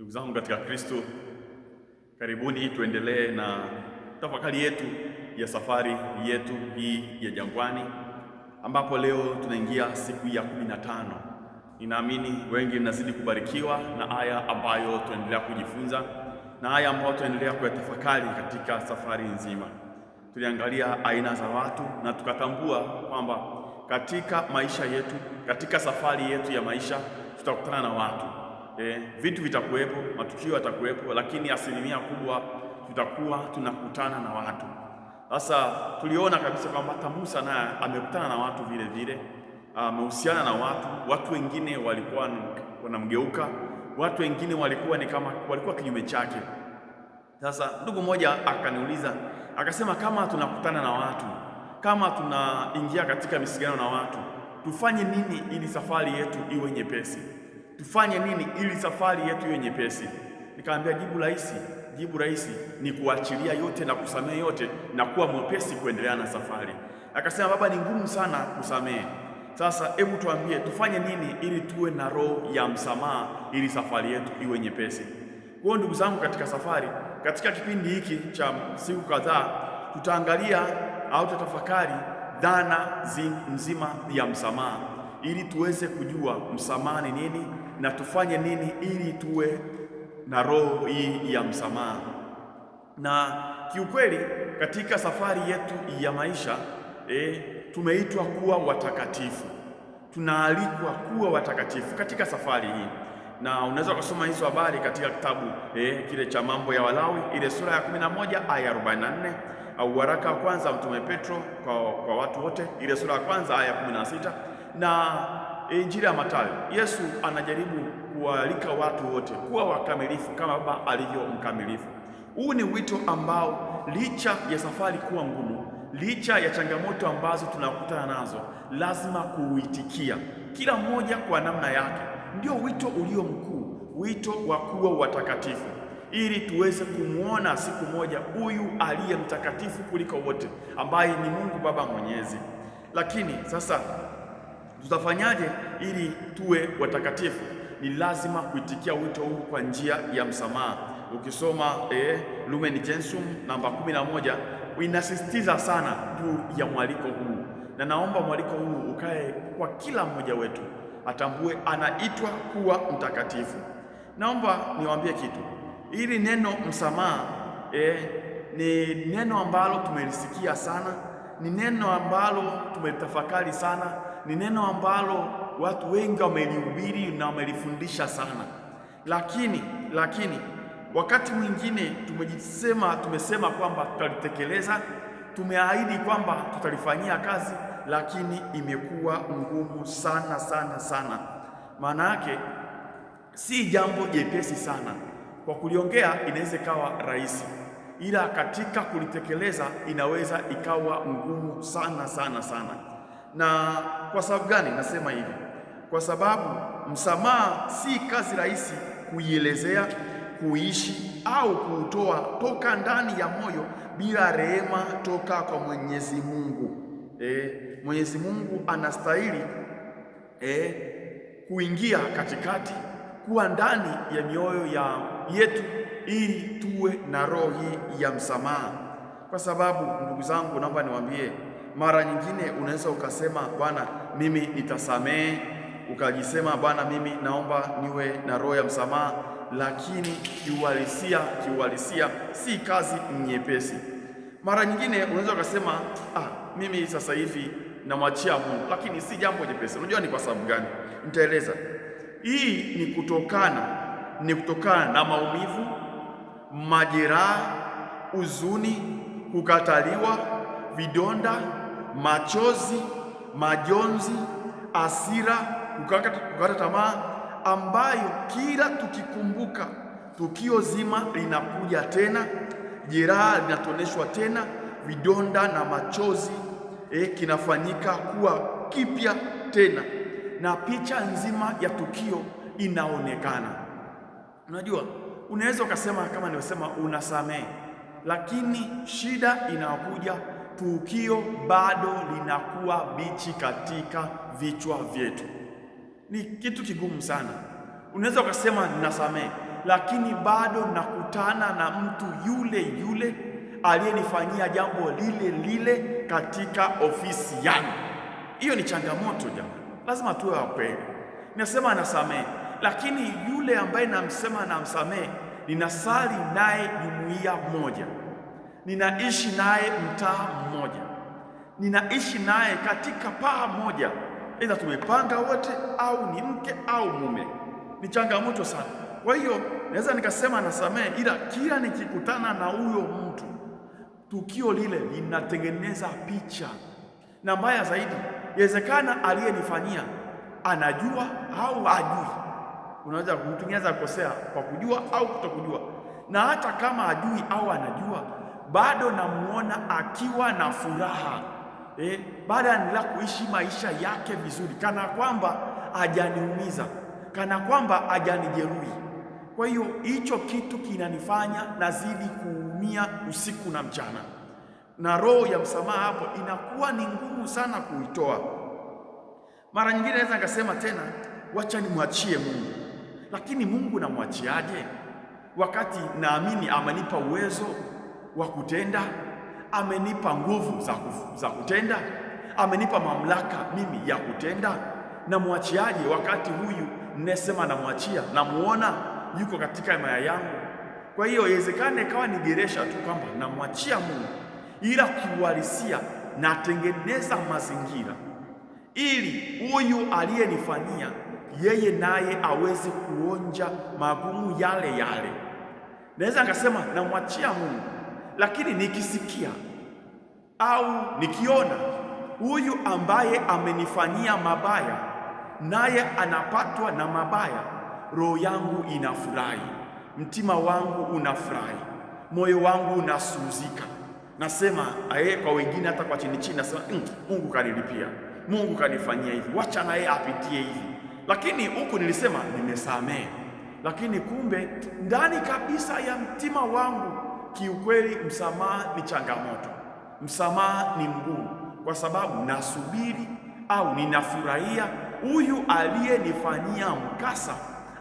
Ndugu zangu katika Kristo, karibuni tuendelee na tafakari yetu ya safari yetu hii ya jangwani, ambapo leo tunaingia siku ya kumi na tano. Ninaamini wengi mnazidi kubarikiwa na aya ambayo tunaendelea kujifunza na aya ambayo tunaendelea kuyatafakari katika safari nzima. Tuliangalia aina za watu na tukatambua kwamba katika maisha yetu, katika safari yetu ya maisha tutakutana na watu e, vitu vitakuwepo, matukio yatakuwepo, lakini asilimia kubwa tutakuwa tunakutana na watu. Sasa tuliona kabisa kwamba hata Musa naye amekutana na watu vile vile, amehusiana na watu. Watu wengine walikuwa wanamgeuka, watu wengine walikuwa ni kama walikuwa kinyume chake. Sasa ndugu mmoja akaniuliza akasema, kama tunakutana na watu, kama tunaingia katika misigano na watu, tufanye nini ili safari yetu iwe nyepesi? tufanye nini ili safari yetu iwe nyepesi? Nikamwambia jibu rahisi, jibu rahisi ni kuachilia yote na kusamehe yote na kuwa mwepesi kuendelea na safari. Akasema, baba, ni ngumu sana kusamehe. Sasa hebu tuambie tufanye nini ili tuwe na roho ya msamaha ili safari yetu iwe nyepesi. Kwa ndugu zangu, katika safari, katika kipindi hiki cha siku kadhaa, tutaangalia au tutafakari dhana zi, mzima ya msamaha ili tuweze kujua msamaha ni nini na tufanye nini ili tuwe na roho hii ya msamaha. Na kiukweli katika safari yetu ya maisha e, tumeitwa kuwa watakatifu, tunaalikwa kuwa watakatifu katika safari hii, na unaweza kusoma hizo habari katika kitabu e, kile cha mambo ya Walawi ile sura ya 11 aya 44 au waraka wa kwanza mtume Petro kwa, kwa watu wote ile sura ya kwanza aya 16 na Injili ya Mathayo, Yesu anajaribu kuwaalika watu wote kuwa wakamilifu kama Baba alivyo mkamilifu. Huu ni wito ambao licha ya safari kuwa ngumu, licha ya changamoto ambazo tunakutana nazo, lazima kuuitikia, kila mmoja kwa namna yake. Ndio wito ulio mkuu, wito wa kuwa watakatifu ili tuweze kumwona siku moja huyu aliye mtakatifu kuliko wote, ambaye ni Mungu Baba Mwenyezi. Lakini sasa Tutafanyaje ili tuwe watakatifu? Ni lazima kuitikia wito huu kwa njia ya msamaha. Ukisoma eh, Lumen Gentium namba 11 na inasisitiza sana juu ya mwaliko huu, na naomba mwaliko huu ukae kwa kila mmoja wetu, atambue anaitwa kuwa mtakatifu. Naomba niwaambie kitu, ili neno msamaha eh, ni neno ambalo tumelisikia sana, ni neno ambalo tumelitafakari sana ni neno ambalo watu wengi wamelihubiri na wamelifundisha sana, lakini lakini wakati mwingine tumejisema, tumesema kwamba tutalitekeleza, tumeahidi kwamba tutalifanyia kazi, lakini imekuwa ngumu sana sana sana. Maana yake si jambo jepesi sana, kwa kuliongea inaweza ikawa rahisi, ila katika kulitekeleza inaweza ikawa ngumu sana sana sana. Na kwa sababu gani nasema hivi? Kwa sababu msamaha si kazi rahisi kuielezea, kuishi au kuutoa toka ndani ya moyo bila rehema toka kwa Mwenyezi Mungu. E, Mwenyezi Mungu anastahili e, kuingia katikati, kuwa ndani ya mioyo ya yetu ili tuwe na roho ya msamaha, kwa sababu ndugu zangu, naomba niwaambie mara nyingine unaweza ukasema Bwana, mimi nitasamehe, ukajisema Bwana, mimi naomba niwe na roho ya msamaha, lakini kiuhalisia, kiuhalisia si kazi nyepesi. Mara nyingine unaweza ukasema ah, mimi sasa hivi namwachia Mungu, lakini si jambo jepesi. Unajua ni kwa sababu gani? Nitaeleza. Hii ni kutokana, ni kutokana na maumivu, majeraha, huzuni, kukataliwa, vidonda machozi, majonzi, hasira, kukata tamaa, ambayo kila tukikumbuka tukio zima linakuja tena, jeraha linatoneshwa tena, vidonda na machozi eh, kinafanyika kuwa kipya tena, na picha nzima ya tukio inaonekana. Unajua, unaweza ukasema kama nimesema unasamehe, lakini shida inakuja tukio bado linakuwa bichi katika vichwa vyetu. Ni kitu kigumu sana. Unaweza ukasema ninasamehe, lakini bado nakutana na mtu yule yule aliyenifanyia jambo lile lile katika ofisi yangu. Hiyo ni changamoto jamani, lazima tuwe wakweli. Ninasema nasamehe, lakini yule ambaye namsema namsamehe, ninasali naye jumuiya moja ninaishi naye mtaa mmoja, ninaishi naye katika paa moja, aidha tumepanga wote au ni mke au mume. Ni changamoto sana. Kwa hiyo naweza nikasema nasamehe, ila kila nikikutana na huyo mtu, tukio lile linatengeneza picha, na mbaya zaidi, iwezekana aliyenifanyia anajua au ajui. Unaweza kumtengeneza kukosea kwa kujua au kutokujua, na hata kama ajui au anajua bado namwona akiwa na furaha eh, baada ya kuishi maisha yake vizuri, kana kwamba hajaniumiza, kana kwamba hajanijeruhi. Kwa hiyo hicho kitu kinanifanya nazidi kuumia usiku na mchana, na roho ya msamaha hapo inakuwa ni ngumu sana kuitoa. Mara nyingine naweza nikasema tena, wacha nimwachie Mungu, lakini Mungu namwachiaje wakati naamini amenipa uwezo wa kutenda, amenipa nguvu za, za kutenda, amenipa mamlaka mimi ya kutenda. Namwachiaje wakati huyu nesema namwachia, namuona yuko katika maya yangu? Kwa hiyo iwezekane ikawa ni geresha tu kwamba namwachia Mungu, ila kiuhalisia natengeneza mazingira ili huyu aliyenifanyia yeye naye aweze kuonja magumu yale yale. Naweza nikasema namwachia Mungu lakini nikisikia au nikiona huyu ambaye amenifanyia mabaya naye anapatwa na mabaya, roho yangu inafurahi, mtima wangu unafurahi, moyo wangu unasuzika. Nasema aye, kwa wengine hata kwa chini chini nasema mm, Mungu kanilipia, Mungu kanifanyia hivi, wacha naye apitie hivi. Lakini huku nilisema nimesamehe, lakini kumbe ndani kabisa ya mtima wangu Kiukweli, msamaha ni changamoto, msamaha ni mgumu, kwa sababu nasubiri au ninafurahia huyu aliyenifanyia mkasa,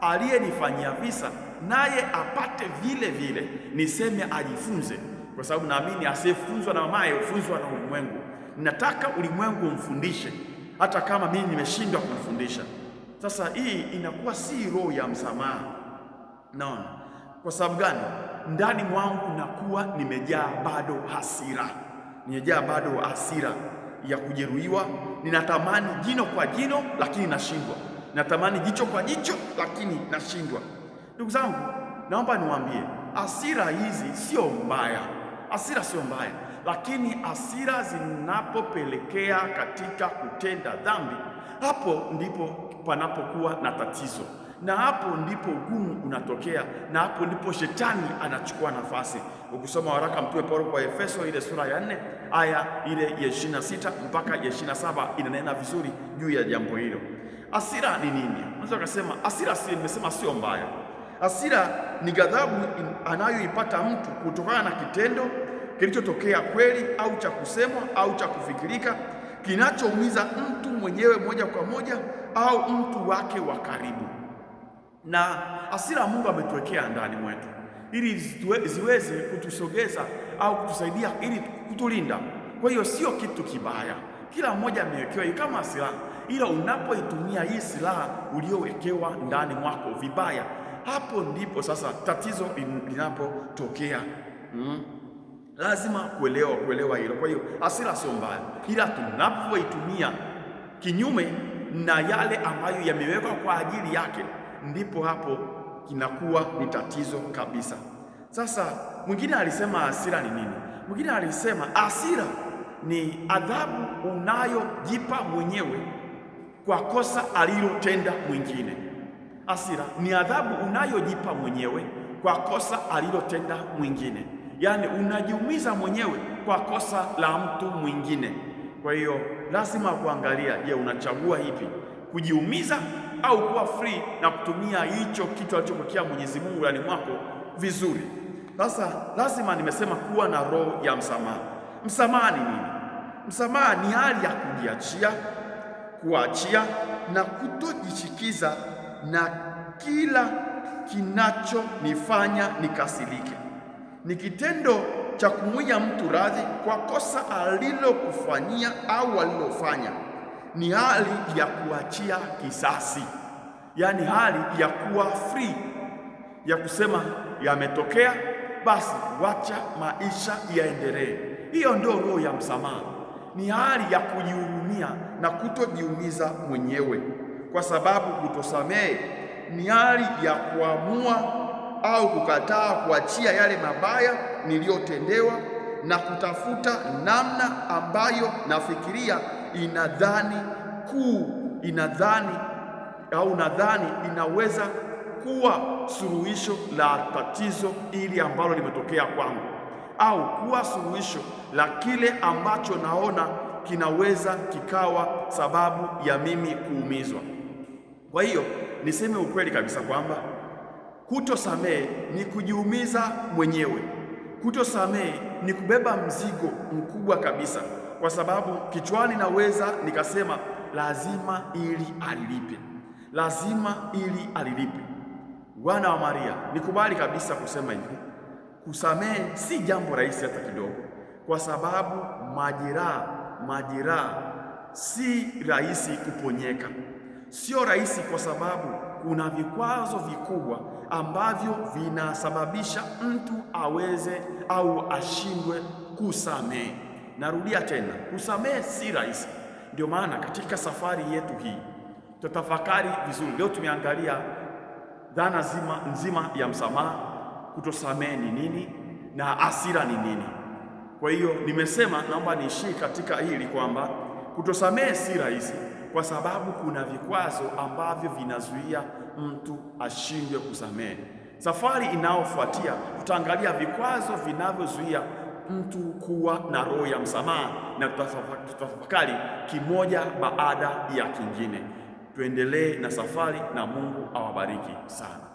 aliyenifanyia visa, naye apate vile vile, niseme ajifunze, kwa sababu naamini asiyefunzwa na mamaye hufunzwa na ulimwengu. Nataka ulimwengu umfundishe hata kama mimi nimeshindwa kumfundisha. Sasa hii inakuwa si roho ya msamaha, naona kwa sababu gani? Ndani mwangu nakuwa nimejaa bado hasira, nimejaa bado hasira ya kujeruhiwa. Ninatamani jino kwa jino, lakini nashindwa. Ninatamani jicho kwa jicho, lakini nashindwa. Ndugu zangu, naomba niwaambie, hasira hizi sio mbaya, hasira sio mbaya, lakini hasira zinapopelekea katika kutenda dhambi, hapo ndipo panapokuwa na tatizo na hapo ndipo ugumu unatokea, na hapo ndipo shetani anachukua nafasi. Ukisoma waraka Mtume Paulo kwa Efeso ile sura ya 4 aya ile ya 26 mpaka ya 27 inanena vizuri juu ya jambo hilo. asira ni nini? Unaweza kusema asira si nimesema sio mbaya. asira ni ghadhabu anayoipata mtu kutokana na kitendo kilichotokea kweli au cha kusemwa au cha kufikirika kinachoumiza mtu mwenyewe moja kwa moja au mtu wake wa karibu na hasira Mungu ametuwekea ndani mwetu ili ziweze kutusogeza au kutusaidia ili kutulinda. Kwa hiyo sio kitu kibaya, kila mmoja amewekewa hiyo kama silaha, ila unapoitumia hii silaha uliyowekewa ndani mwako vibaya, hapo ndipo sasa tatizo linapotokea. Mm, lazima kuelewa kuelewa hilo. Kwa hiyo hasira sio mbaya, ila tunapoitumia kinyume na yale ambayo yamewekwa kwa ajili yake ndipo hapo inakuwa ni tatizo kabisa. Sasa mwingine alisema hasira ni nini? Mwingine alisema hasira ni adhabu unayojipa mwenyewe kwa kosa alilotenda mwingine. Hasira ni adhabu unayojipa mwenyewe kwa kosa alilotenda mwingine, yaani unajiumiza mwenyewe kwa kosa la mtu mwingine. Kwa hiyo lazima kuangalia, je, unachagua hivi kujiumiza au kuwa free na kutumia hicho kitu alichokuwekea Mwenyezi Mungu ndani mwako vizuri. Sasa lazima nimesema kuwa na roho ya msamaha. Msamaha ni nini? Msamaha ni hali ya kujiachia, kuachia na kutojishikiza na kila kinachonifanya nikasirike. Ni kitendo cha kumwia mtu radhi kwa kosa alilokufanyia au alilofanya ni hali ya kuachia kisasi, yaani hali ya kuwa free ya kusema yametokea, basi wacha maisha yaendelee. Hiyo ndio roho ya msamaha, ni hali ya kujihurumia na kutojiumiza mwenyewe, kwa sababu kutosamehe ni hali ya kuamua au kukataa kuachia yale mabaya niliyotendewa na kutafuta namna ambayo nafikiria inadhani kuu inadhani au nadhani inaweza kuwa suluhisho la tatizo ili ambalo limetokea kwangu, au kuwa suluhisho la kile ambacho naona kinaweza kikawa sababu ya mimi kuumizwa. Kwa hiyo niseme ukweli kabisa kwamba kutosamehe ni kujiumiza mwenyewe. Kutosamehe ni kubeba mzigo mkubwa kabisa kwa sababu kichwani naweza nikasema lazima ili alilipe, lazima ili alilipe. Wana wa Maria, nikubali kabisa kusema hivi, kusamehe si jambo rahisi hata kidogo, kwa sababu majeraha majeraha si rahisi kuponyeka, sio rahisi, kwa sababu kuna vikwazo vikubwa ambavyo vinasababisha mtu aweze au ashindwe kusamehe. Narudia tena, kusamehe si rahisi. Ndio maana katika safari yetu hii tutafakari vizuri. Leo tumeangalia dhana zima, nzima ya msamaha. Kutosamehe ni nini na hasira ni nini? Kwa hiyo nimesema, naomba niishie katika hili kwamba kutosamehe si rahisi kwa sababu kuna vikwazo ambavyo vinazuia mtu ashindwe kusamehe. Safari inayofuatia tutaangalia vikwazo vinavyozuia mtu kuwa na roho ya msamaha, na tutafakari kimoja baada ya kingine. Tuendelee na safari na Mungu awabariki sana.